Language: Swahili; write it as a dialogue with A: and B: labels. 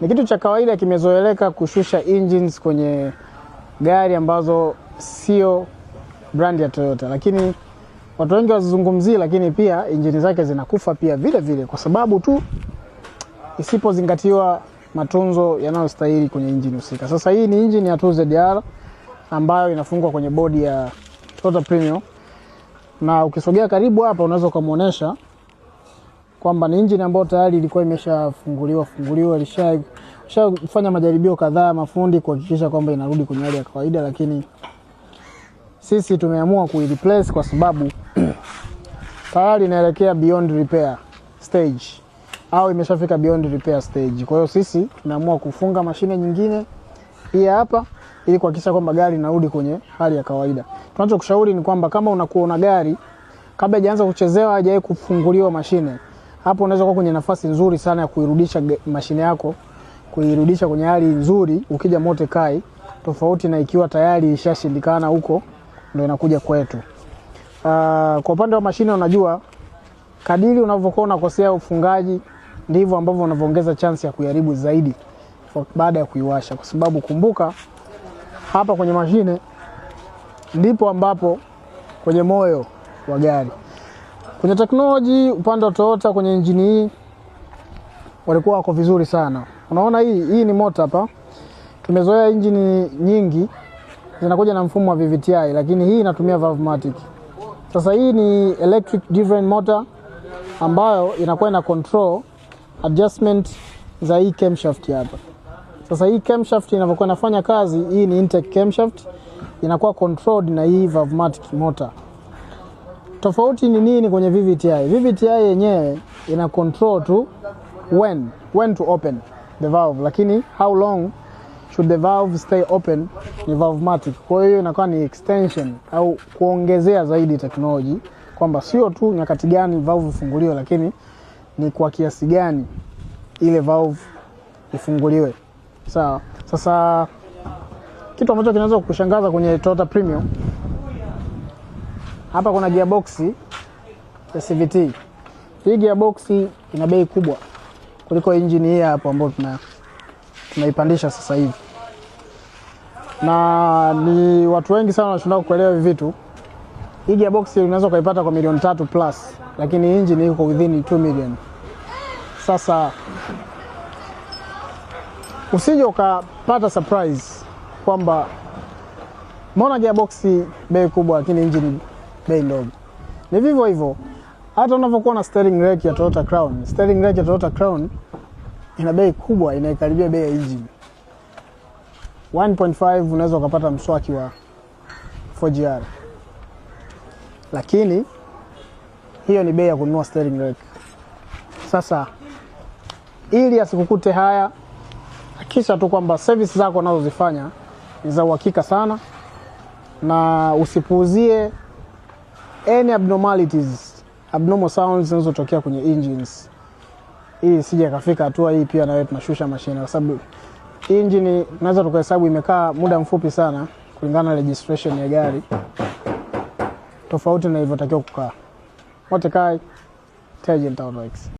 A: Ni kitu cha kawaida, kimezoeleka kushusha engines kwenye gari ambazo sio brand ya Toyota, lakini watu wengi wazizungumzii, lakini pia injini zake zinakufa pia vile vile, kwa sababu tu isipozingatiwa matunzo yanayostahili kwenye injini husika. Sasa hii ni injini ya 2ZR ambayo inafungwa kwenye bodi ya Toyota Premium, na ukisogea karibu hapa unaweza ukamwonyesha kwamba ni injini ambayo tayari ilikuwa imeshafunguliwa funguliwa, ilishafanya majaribio kadhaa mafundi kuhakikisha kwamba inarudi kwenye hali ya kawaida, lakini sisi tumeamua kuireplace kwa sababu tayari inaelekea beyond repair stage au imeshafika beyond repair stage. Kwa hiyo sisi tumeamua kufunga mashine nyingine pia hapa ili kuhakikisha kwamba gari inarudi kwenye hali ya kawaida. Tunachokushauri ni kwamba kama unakuona gari kabla haijaanza kuchezewa, haijawahi kufunguliwa mashine hapo unaweza kuwa kwenye nafasi nzuri sana ya kuirudisha mashine yako, kuirudisha kwenye hali nzuri ukija Mote Kai, tofauti na ikiwa tayari ishashindikana huko, ndio inakuja kwetu. Uh, kwa upande wa mashine, unajua kadiri unavyokuwa unakosea ufungaji ndivyo ambavyo unavyoongeza chance ya kuharibu zaidi baada ya kuiwasha, kwa sababu kumbuka, hapa kwenye mashine ndipo ambapo kwenye moyo wa gari Kwenye teknoloji upande wa Toyota kwenye injini hii walikuwa wako vizuri sana. Unaona hii hii ni mota hapa. Tumezoea injini nyingi zinakuja na mfumo wa VVTi, lakini hii inatumia valvematic. Sasa hii ni electric driven motor ambayo inakuwa ina control adjustment za hii camshaft hapa. Sasa hii camshaft inavyokuwa inafanya kazi, hii ni intake camshaft inakuwa controlled na hii valvematic motor. Tofauti ni nini kwenye VVTI? VVTI yenyewe ina control tu when, when to open the valve, lakini how long should the valve stay open ni valvematic. Kwa hiyo inakuwa ni extension au kuongezea zaidi teknoloji kwamba sio tu nyakati gani valve ifunguliwe, lakini ni kwa kiasi gani ile valve ifunguliwe. Sawa. Sasa kitu ambacho kinaweza kukushangaza kwenye Toyota Premium hapa kuna gearbox ya CVT. Hii gearbox ina bei kubwa kuliko injini hii hapo ambayo tuna tunaipandisha sasa hivi, na ni watu wengi sana wanashindwa kuelewa hivi vitu. Hii gearbox unaweza ukaipata kwa milioni tatu plus, lakini injini iko within 2 million. Sasa usije ukapata surprise kwamba mbona gearbox bei kubwa, lakini injini bei ndogo. Ni vivyo hivyo hata unavyokuwa na steering rack ya Toyota Crown. Steering rack ya Toyota Crown ina bei kubwa, inaikaribia bei ya engine. 1.5 unaweza ukapata mswaki wa 4GR, lakini hiyo ni bei ya kununua steering rack. Sasa ili asikukute haya, hakisha tu kwamba service zako unazozifanya ni za uhakika sana, na usipuuzie any abnormalities, abnormal sounds zinazotokea kwenye engines, ili sije kafika hatua hii, pia na tunashusha mashine, kwa sababu engine tunaweza tukahesabu imekaa muda mfupi sana kulingana na registration ya gari, tofauti na ilivyotakiwa kukaa. Wote kai Tegent Auto Works.